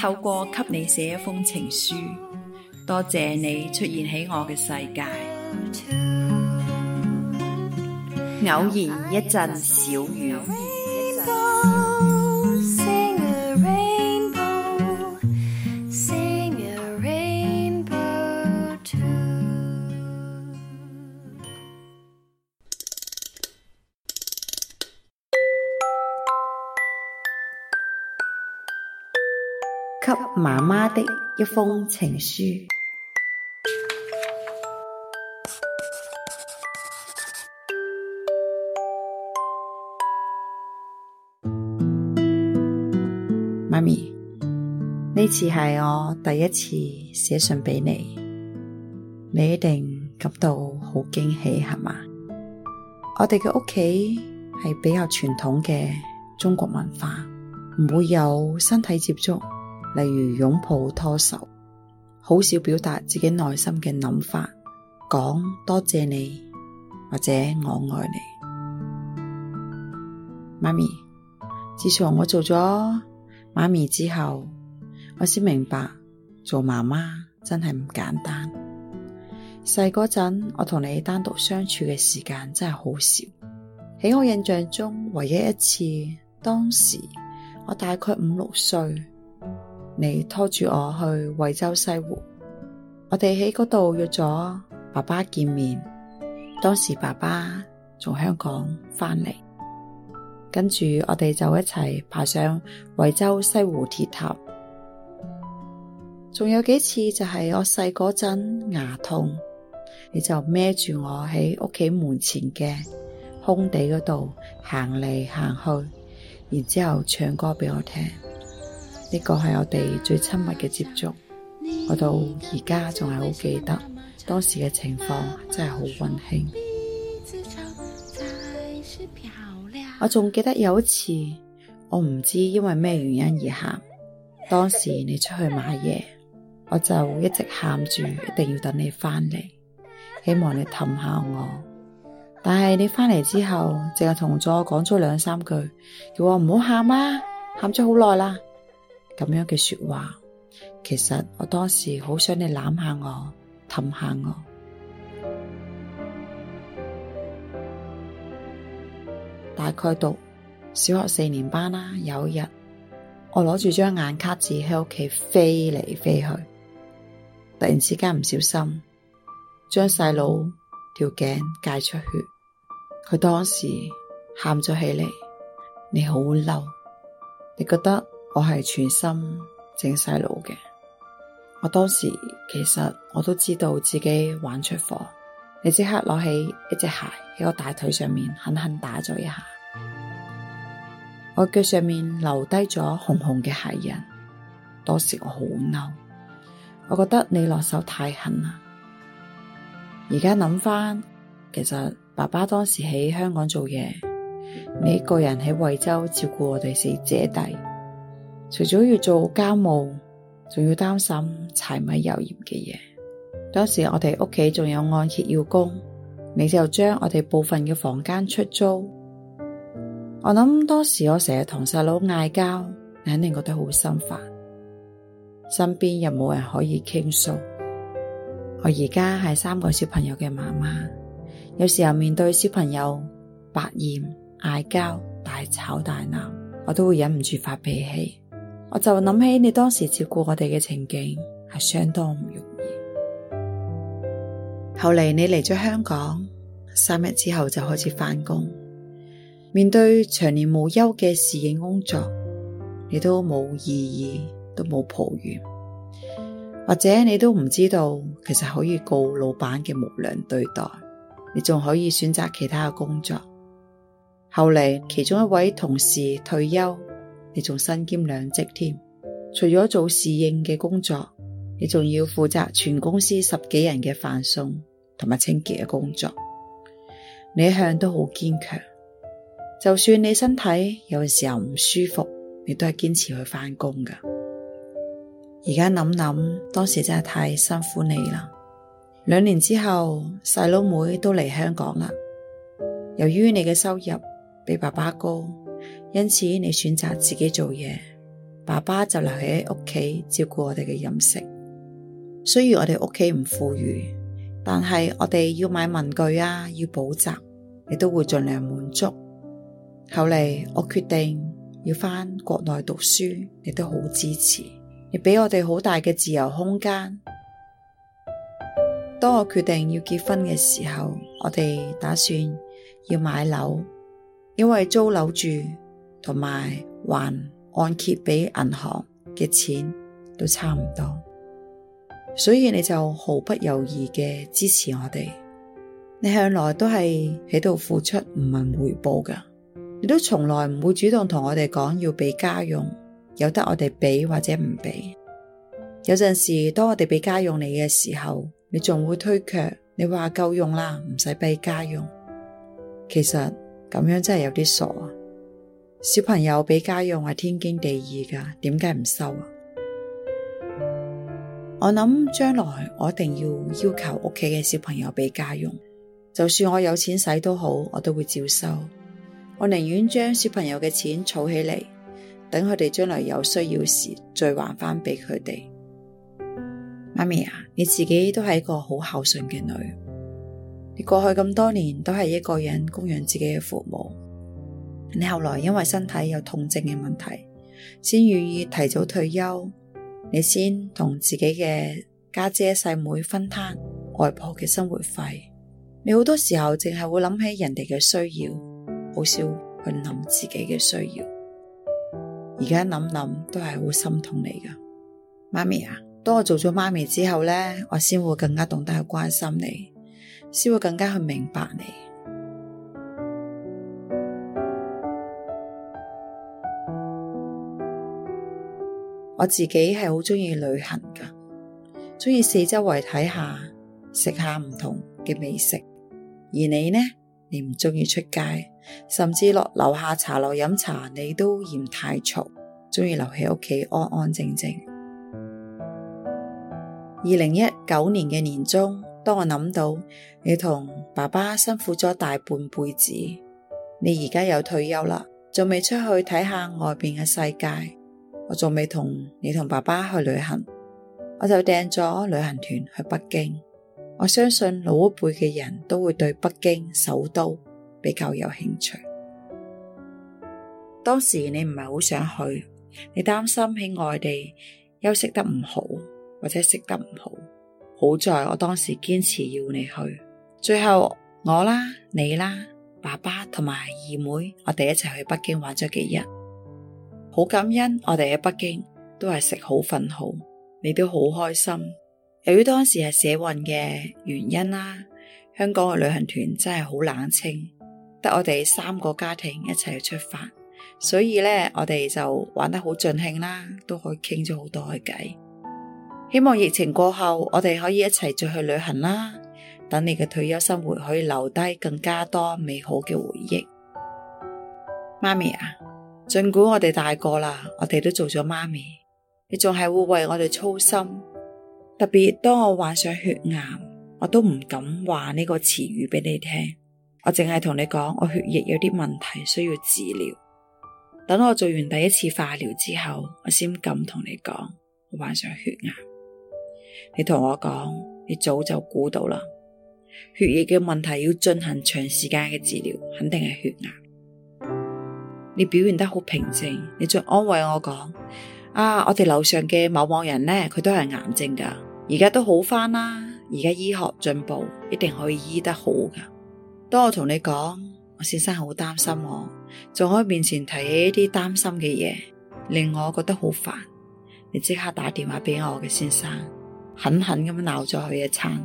透過給你寫一封情書，多謝你出現喺我嘅世界。偶然一陣小雨。給媽媽的一封情書，媽咪，呢次係我第一次寫信畀你，你一定感到好驚喜，係嘛？我哋嘅屋企係比較傳統嘅中國文化，唔會有身體接觸。例如擁抱、拖手，好少表達自己內心嘅諗法，講多謝你或者我愛你，媽咪。自從我做咗媽咪之後，我先明白做媽媽真係唔簡單。細嗰陣，我同你單獨相處嘅時間真係好少。喺我印象中，唯一一次，當時我大概五六歲。你拖住我去惠州西湖，我哋喺嗰度約咗爸爸見面。當時爸爸從香港翻嚟，跟住我哋就一齊爬上惠州西湖鐵塔。仲有幾次就係我細嗰陣牙痛，你就孭住我喺屋企門前嘅空地嗰度行嚟行去，然之後唱歌畀我聽。呢個係我哋最親密嘅接觸，我到而家仲係好記得當時嘅情況，真的，真係好溫馨。 我仲記得有一次，我唔知因為咩原因而喊。當時你出去買嘢，我就一直喊住，一定要等你返嚟，希望你氹下我。但係你返嚟之後，淨係同咗我講咗兩三句，叫我唔好喊啊，喊咗好耐啦。咁樣嘅說話，其實我當時好想你攬下我、氹下我。大概讀小學四年班啦，有一日我攞住張眼卡紙喺屋企飛嚟飛去，突然之間唔小心將細佬條頸界出血，佢當時喊咗起嚟，你好嬲，你覺得我係全心整細路嘅，我當時其實我都知道自己玩出火，你即刻攞起一隻鞋喺我大腿上面狠狠打咗一下，我腳上面留低咗紅紅嘅鞋印。當時我好嬲，我覺得你落手太狠啦。而家諗翻，其實爸爸當時喺香港做嘢，你一個人喺惠州照顧我哋四姐弟。除咗要做家務，仲要擔心柴米油鹽嘅嘢。當時我哋屋企仲有按揭要供，你就將我哋部分嘅房間出租。我諗當時我成日同細佬嗌交，你肯定覺得好心煩，身邊又冇人可以傾訴。我而家係三個小朋友嘅媽媽，有時候面對小朋友百厭、嗌交、大吵大鬧，我都會忍唔住發脾氣。我就諗起你當時照顧我哋嘅情景，係相當唔容易。後嚟你嚟咗香港，三日之後就開始返工，面對長年無休嘅侍應工作，你都冇異議，都冇抱怨，或者你都唔知道其實可以告老闆嘅無良對待，你仲可以選擇其他嘅工作。後嚟其中一位同事退休。你仲身兼兩職添，除咗做侍應嘅工作，你仲要負責全公司十幾人嘅飯餸同埋清潔嘅工作。你一向都好堅強，就算你身體有陣時候唔舒服，你都係堅持去返工噶。而家諗諗，當時真係太辛苦你啦。兩年之後，細佬妹都嚟香港啦。由於你嘅收入比爸爸高，因此，你選擇自己做嘢，爸爸就留喺屋企照顧我哋嘅飲食。雖然我哋屋企唔富裕，但係我哋要買文具啊，要補習，你都會盡量滿足。後嚟我決定要翻國內讀書，你都好支持，你俾我哋好大嘅自由空間。當我決定要結婚嘅時候，我哋打算要買樓，因為租樓住。同埋還還按揭俾銀行嘅錢都差唔多，所以你就毫不猶豫嘅支持我哋。你向來都係喺度付出唔係回報噶，你都從來唔會主動同我哋講要俾家用，由得我哋俾或者唔俾。有陣時當我哋俾家用你嘅時候，你仲會推卻，你話夠用啦，唔使俾家用。其實咁樣真係有啲傻啊！小朋友俾家用係天經地義噶，點解唔收啊？我諗將來我一定要要求屋企嘅小朋友俾家用，就算我有錢使都好，我都會照收。我寧願將小朋友嘅錢儲起嚟，等佢哋將來有需要時再還翻俾佢哋。媽咪啊，你自己都係一個好孝順嘅女，你過去咁多年都係一個人供養自己嘅父母。你後來因為身體有痛症嘅問題，先願意提早退休。你先同自己嘅家姐、細妹分攤外婆嘅生活費。你好多時候淨係會諗起人哋嘅需要，好少去諗自己嘅需要。而家諗諗都係好心痛你噶，媽咪啊！當我做咗媽咪之後咧，我先會更加懂得去關心你，先會更加去明白你。我自己係好鍾意旅行噶，鍾意四周圍睇下，食下唔同嘅美食。而你呢？你唔鍾意出街，甚至落樓下茶樓飲茶，你都嫌太嘈，鍾意留喺屋企安安靜靜。二零一九年嘅年中，當我諗到你同爸爸辛苦咗大半輩子，你而家又退休啦，仲未出去睇下外邊嘅世界。我仲未同你同爸爸去旅行，我就訂咗旅行團去北京。我相信老一輩嘅人都會對北京首都比較有興趣。當時你唔係好想去，你擔心喺外地休息得唔好或者食得唔好。好在我當時堅持要你去，最後我啦、你啦、爸爸同埋二妹，我哋一齊去北京玩咗幾日。好感恩，我哋喺北京都係食好、瞓好，你都好開心。由於當時係社運嘅原因啦，香港嘅旅行團真係好冷清，得我哋三個家庭一齊去出發，所以呢，我哋就玩得好盡興啦，都可以傾咗好多偈。希望疫情過後，我哋可以一齊再去旅行啦。等你嘅退休生活可以留低更加多美好嘅回憶，媽咪啊！儘管我哋大個啦，我哋都做咗媽咪，你仲係會為我哋操心。特別當我患上血癌，我都唔敢話呢個詞語俾你聽。我淨係同你講，我血液有啲問題，需要治療。等我做完第一次化療之後，我先敢同你講我患上血癌。你同我講，你早就估到啦，血液嘅問題要進行長時間嘅治療，肯定係血癌。你表現得好平靜，你仲安慰我講：啊，我哋樓上嘅某某人呢，佢都係癌症噶，而家都好翻啦，而家醫學進步，一定可以醫得好噶。當我同你講，我先生好擔心我，仲可以面前提起一啲擔心嘅嘢，令我覺得好煩。你即刻打電話俾我嘅先生，狠狠咁鬧咗佢一餐。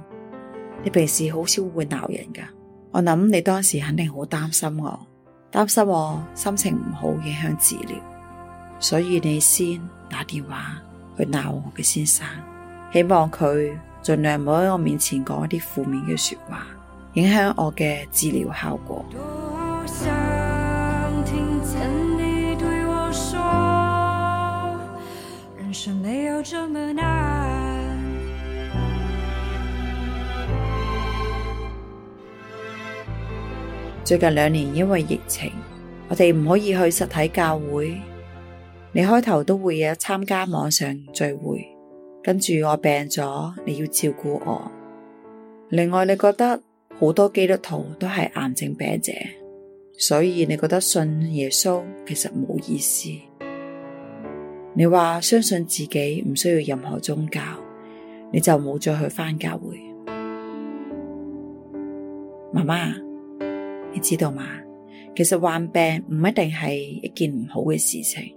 你平時好少會鬧人噶，我諗你當時肯定好擔心我。擔心我心情唔好影響治療，所以你先打電話去鬧我嘅先生，希望佢盡量唔好喺我面前講一啲負面嘅說話，影響我嘅治療效果。最近兩年因為疫情，我哋唔可以去實體教會。你開頭都會有參加網上聚會，跟住我病咗，你要照顧我。另外你覺得好多基督徒都係癌症病者，所以你覺得信耶穌其實冇意思。你話相信自己唔需要任何宗教，你就冇再去返教會。媽媽。你知道嗎？其實患病唔一定係一件唔好嘅事情，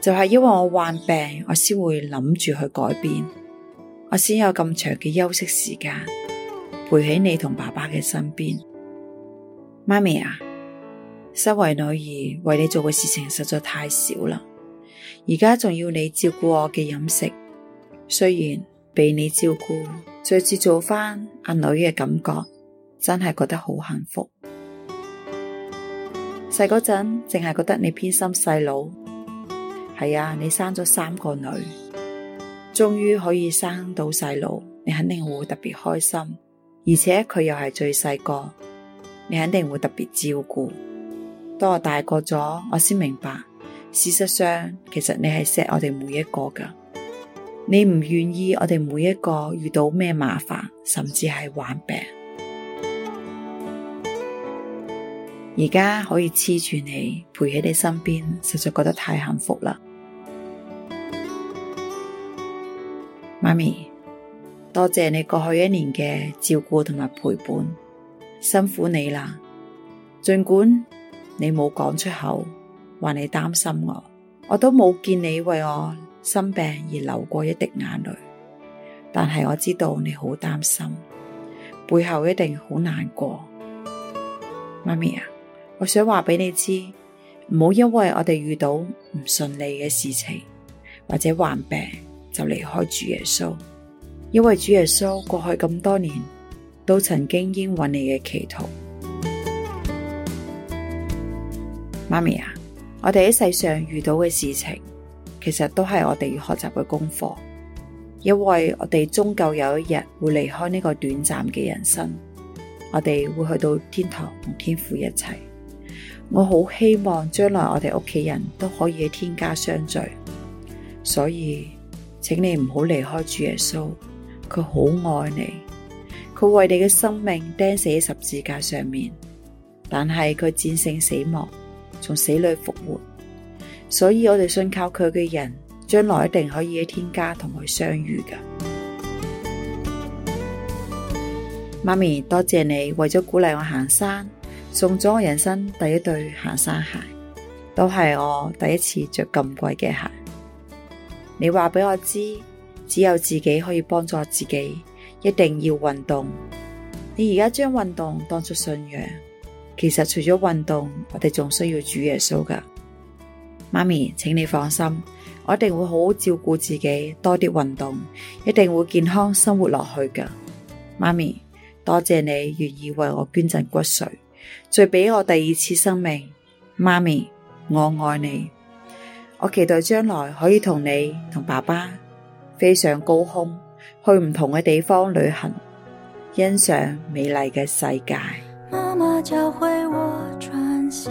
就係因為我患病，我先會諗住去改變，我先有咁長嘅休息時間，陪喺你同爸爸嘅身邊。媽咪啊，身為女兒為你做嘅事情實在太少啦，而家仲要你照顧我嘅飲食，雖然被你照顧，再次做翻阿女嘅感覺，真係覺得好幸福。細嗰陣淨係覺得你偏心細佬。係啊，你生咗三個女，終於可以生到細佬，你肯定會特別開心，而且佢又係最細個，你肯定會特別照顧。當我大個咗，我先明白，事實上其實你係錫我哋每一個噶，你唔願意我哋每一個遇到咩麻煩，甚至係患病。而家可以黐住你，陪喺你身邊，實在覺得太幸福啦！媽咪，多謝你過去一年嘅照顧同埋陪伴，辛苦你啦！盡管你冇講出口，話你擔心我，我都冇見你為我生病而流過一滴眼淚，但係我知道你好擔心，背後一定好難過，媽咪啊！我想話俾你知，唔好因為我哋遇到唔順利嘅事情或者患病就離開主耶穌，因為主耶穌過去咁多年都曾經應允你嘅祈禱。媽咪啊，我哋喺世上遇到嘅事情，其實都係我哋要學習嘅功課，因為我哋終究有一日會離開呢個短暫嘅人生，我哋會去到天堂同天父一齊。我好希望將來我哋屋企人都可以喺天家相聚，所以請你唔好離開主耶穌，佢好愛你，佢為你嘅生命釘死喺十字架上面，但係佢戰勝死亡，從死裏復活，所以我哋信靠佢嘅人將來一定可以喺天家同佢相遇㗎。媽咪，多謝你為咗鼓勵我行山。送咗我人生第一對行山鞋，都係我第一次着咁貴嘅鞋。你話畀我知，只有自己可以幫助自己，一定要運動。你而家將運動當做信仰，其實除咗運動，我哋仲需要主耶穌㗎。媽咪，請你放心，我一定會好好照顧自己，多啲運動，一定會健康生活落去㗎。媽咪，多謝你願意為我捐贈骨髓。再俾我第二次生命，媽咪，我愛你。我期待將來可以同你同爸爸飛上高空，去唔同嘅地方旅行，欣賞美麗嘅世界。媽媽教會我穿鞋，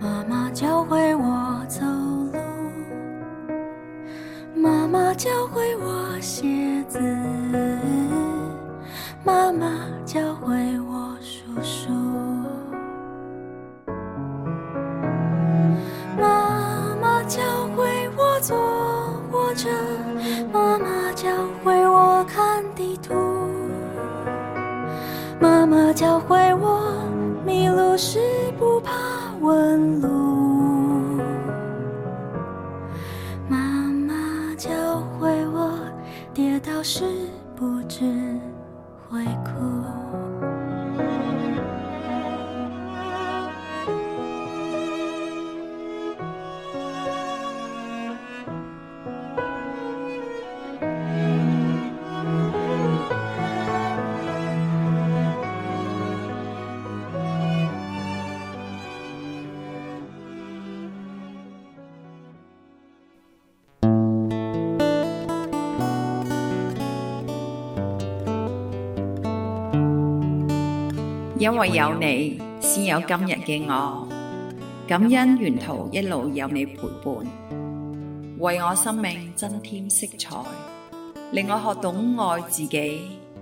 媽媽教會我走路，媽媽教會我寫字，媽媽教會我。教會我迷路時。因為有你，先有今日嘅我。感恩沿途一路有你陪伴，為我生命增添色彩，令我學懂愛自己、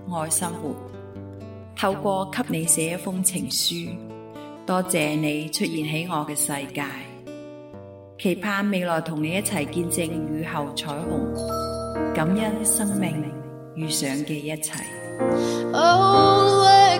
愛生活。透過給你寫一封情書，多謝你出現喺我嘅世界，期盼未來同你一齊見證雨後彩虹。感恩生命遇上嘅一切。